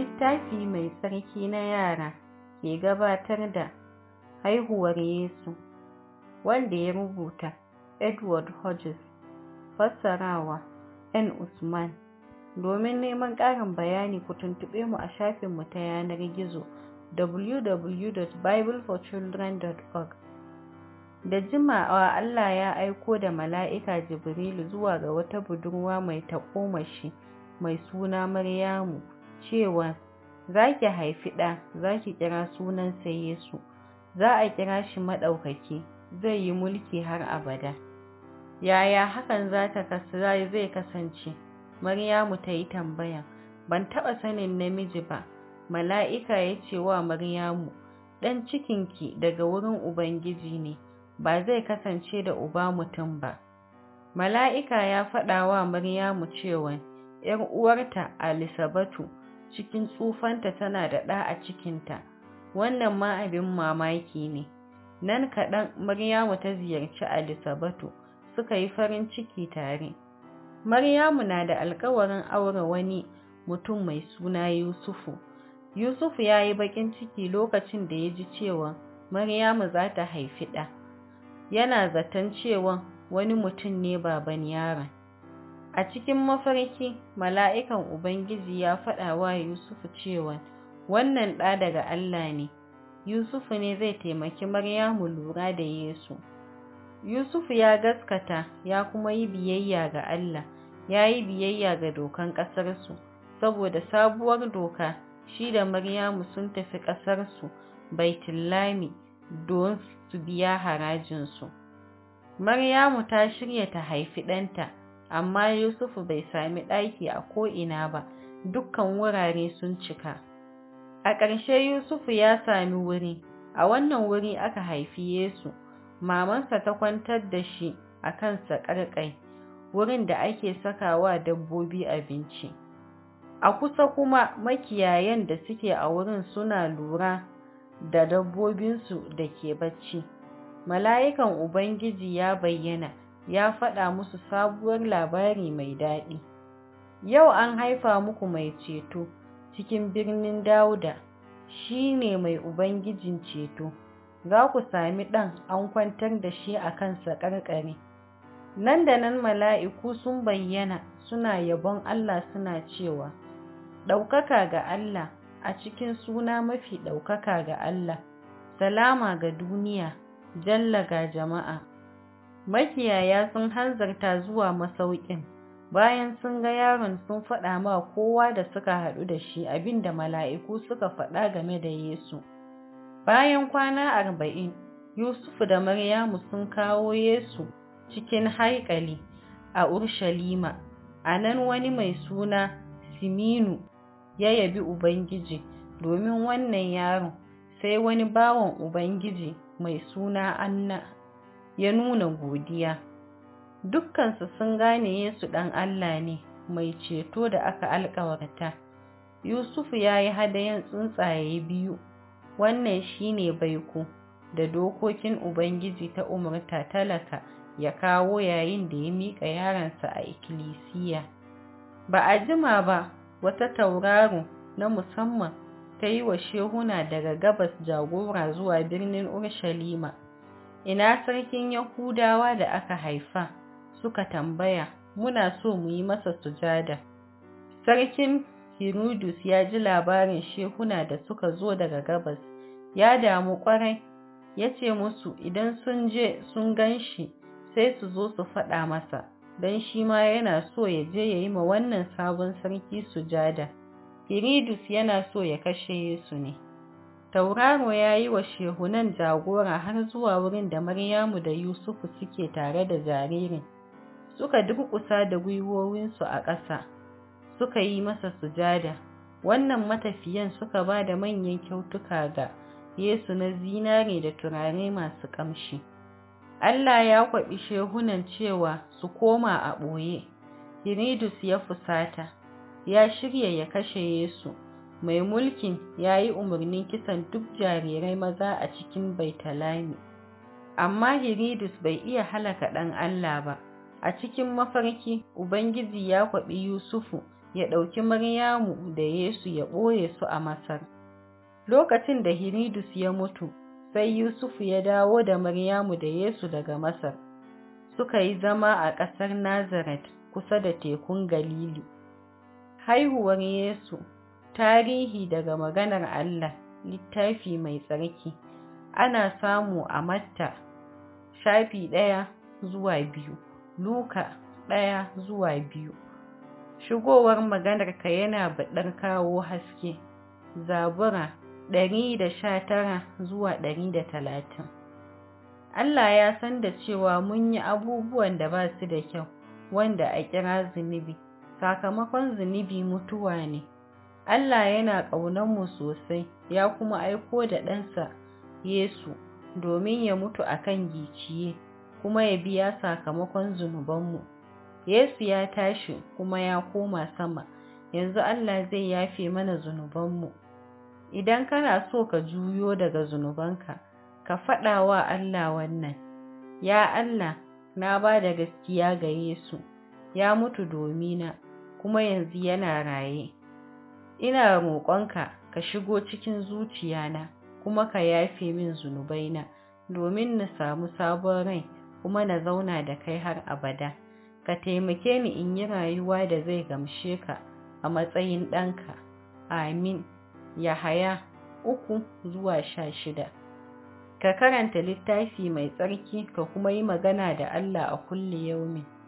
Littafi Mai Tsarki na yara ke gabatar da haihuwar Yesu, wanda ya rubuta Edward Hodges, fassarawa N. Usman. Domin neman ƙarin bayani ku tuntube mu a shafin mu ta yanar gizo www.bibleforchildren.org. Da jimawa Allah ya aiko da mala'ika Jibrilu zuwa ga wata budurwa mai taƙomashi mai suna Maryamu. cewa za ki haifi ɗa za ki kira sunansa Yesu, za a kira shi maɗaukaki, zai yi mulki har abada. Yaya hakan za ta zai kasance? Maryamu ta yi tambaya, ban taɓa sanin namiji ba, mala'ika ya ce wa Maryamu, ɗan cikinki daga wurin Ubangiji ne, ba zai kasance da uba mutum ba. Mala'ika ya faɗa wa Maryamu cewa ‘yar uwarta Alisabatu cikin tsufanta tana da ɗa a cikinta, wannan ma abin mamaki ne. Nan kaɗan Maryamu ta ziyarci Alisabatu suka yi farin ciki tare. Maryamu na da alkawarin aure wani mutum mai suna Yusufu. Yusufu ya yi baƙin ciki lokacin da ya ji cewa Maryamu za ta haifi ɗa. Yana zaton cewa wani mutum ne baban yaron. A cikin mafarki, mala'ikan Ubangiji ya faɗa wa Yusufu cewa, Wannan ɗa daga Allah ne, Yusufu ne zai taimaki Maryamu lura da Yesu. Yusufu ya gaskata ya kuma yi biyayya ga Allah, ya yi biyayya ga dokan ƙasarsu, saboda sabuwar doka shi da Maryamu sun tafi ƙasarsu Baitullami don su biya harajinsu. Maryamu ta shirya ta haifi ɗanta. amma Yusufu bai sami ɗaki a ko'ina ba, dukkan wurare sun cika. A ƙarshe Yusufu ya sami wuri, a wannan wuri aka haifi Yesu, mamansa ta kwantar da shi a kansa ƙarƙai, wurin da ake sakawa dabbobi abinci. A kusa kuma makiyayan da suke a wurin suna lura da dabbobinsu da ke bacci. Mala'ikan Ubangiji ya bayyana. ya faɗa musu sabuwar labari mai daɗi. Yau an haifa muku mai ceto cikin birnin Dauda, shi ne mai Ubangijin ceto, za ku sami ɗan an kwantar da shi a kansa ƙarƙare. Nan da nan mala'iku sun bayyana suna yabon Allah suna cewa, Ɗaukaka ga Allah a cikin suna mafi ɗaukaka ga Allah, salama ga duniya, jalla ga jama'a. Makiyaya sun hanzarta zuwa masauƙin, bayan sun ga yaron sun faɗa ma kowa da suka haɗu da shi abin da mala'iku suka faɗa game da Yesu. Bayan kwana arba'in, Yusuf da Maryamu sun kawo Yesu cikin haikali a Urshalima, a nan wani mai suna Siminu ya yabi Ubangiji domin wannan yaron, sai wani bawan Ubangiji mai suna Anna ya nuna godiya. Dukkansu sun gane Yesu ɗan Allah ne, mai ceto da aka alkawarta. Yusufu ya yi hadayen tsuntsaye biyu, wannan shi ne baiko da dokokin Ubangiji ta umarta talaka ya kawo yayin da ya miƙa yaransa a ikkilisiya. Ba a jima ba, wata tauraro na musamman ta yi wa shehuna daga gabas jagora zuwa birnin Urshalima. ina sarkin Yahudawa da aka haifa, suka tambaya, muna so mu yi masa sujada. Sarkin Hirudus ya ji labarin shehuna da suka zo daga gabas, ya damu kwarai ya ce musu idan sun je sun gan shi sai su zo su faɗa masa, don shi ma yana so ya je ya yi ma wannan sabon sarki sujada. Hirudus yana so ya kashe Yesu ne. Tauraro ya yi wa shehunan jagora har zuwa wurin da Maryamu da Yusufu suke tare da jaririn, suka durƙusa da gwiwowinsu a ƙasa, suka yi masa sujada. Wannan matafiyan suka ba da manyan kyautuka ga Yesu na zinare da turare masu ƙamshi. Allah ya kwaɓi shehunan cewa su koma a ɓoye. Hiridus ya fusata, ya shirya ya kashe Yesu. Mai mulkin ya yi umarnin kisan duk jarirai maza a cikin Baitalami, amma Hiridus bai iya halaka ɗan Allah ba. A cikin mafarki, Ubangiji ya kwaɓi Yusufu ya ɗauki Maryamu da Yesu ya ɓoye su a Masar. Lokacin da Hiridus ya mutu, sai Yusufu ya dawo da Maryamu da Yesu daga Masar. Suka yi zama a ƙasar Nazaret kusa da tekun Galili. Haihuwar Yesu Tarihi daga maganar Allah, littafi mai tsarki, ana samu a Matta, shafi ɗaya zuwa biyu, Luka ɗaya zuwa biyu. Shigowar maganarka yana baɗar kawo haske, Zabura ɗari da sha tara zuwa ɗari da talatin. Allah ya san da cewa mun yi abubuwan da ba su da kyau, wanda a kira zunubi, sakamakon zunubi mutuwa ne. Allah yana mu sosai ya kuma aiko da ɗansa Yesu domin ya mutu a kan giciye kuma ya biya sakamakon zunubanmu. Yesu ya tashi kuma ya koma sama, yanzu Allah zai yafe mana zunubanmu. Idan kana so ka juyo daga zunubanka, ka faɗa wa Allah wannan, Ya Allah, na ba da gaskiya ga Yesu, ya mutu domina kuma yanzu yana raye. ina roƙonka ka shigo cikin zuciyana kuma ka yafe min zunubaina domin na samu sabon rai kuma na zauna da kai har abada ka taimake ni in yi rayuwa da zai gamshe ka a matsayin ɗanka amin yahaya uku zuwa sha shida ka karanta littafi mai tsarki ka kuma yi magana da Allah a kulle yaumin.